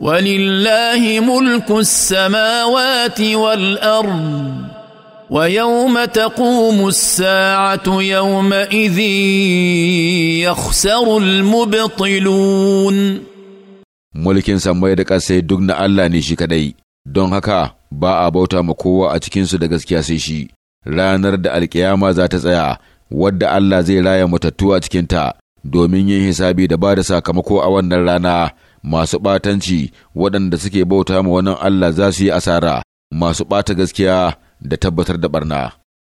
ولله ملك السماوات والارض ويوم تقوم الساعه يومئذ يخسر المبطلون mulkin sammai da ƙasai duk na Allah ne shi kaɗai, don haka ba a bauta ma kowa a cikinsu da gaskiya sai shi, ranar da alkiyama za ta tsaya, wadda Allah zai raya matattu a cikinta, domin yin hisabi da bada sakamako a wannan rana. masu ɓatanci waɗanda suke bauta ma wani Allah za su yi asara masu ɓata gaskiya da tabbatar da ɓarna.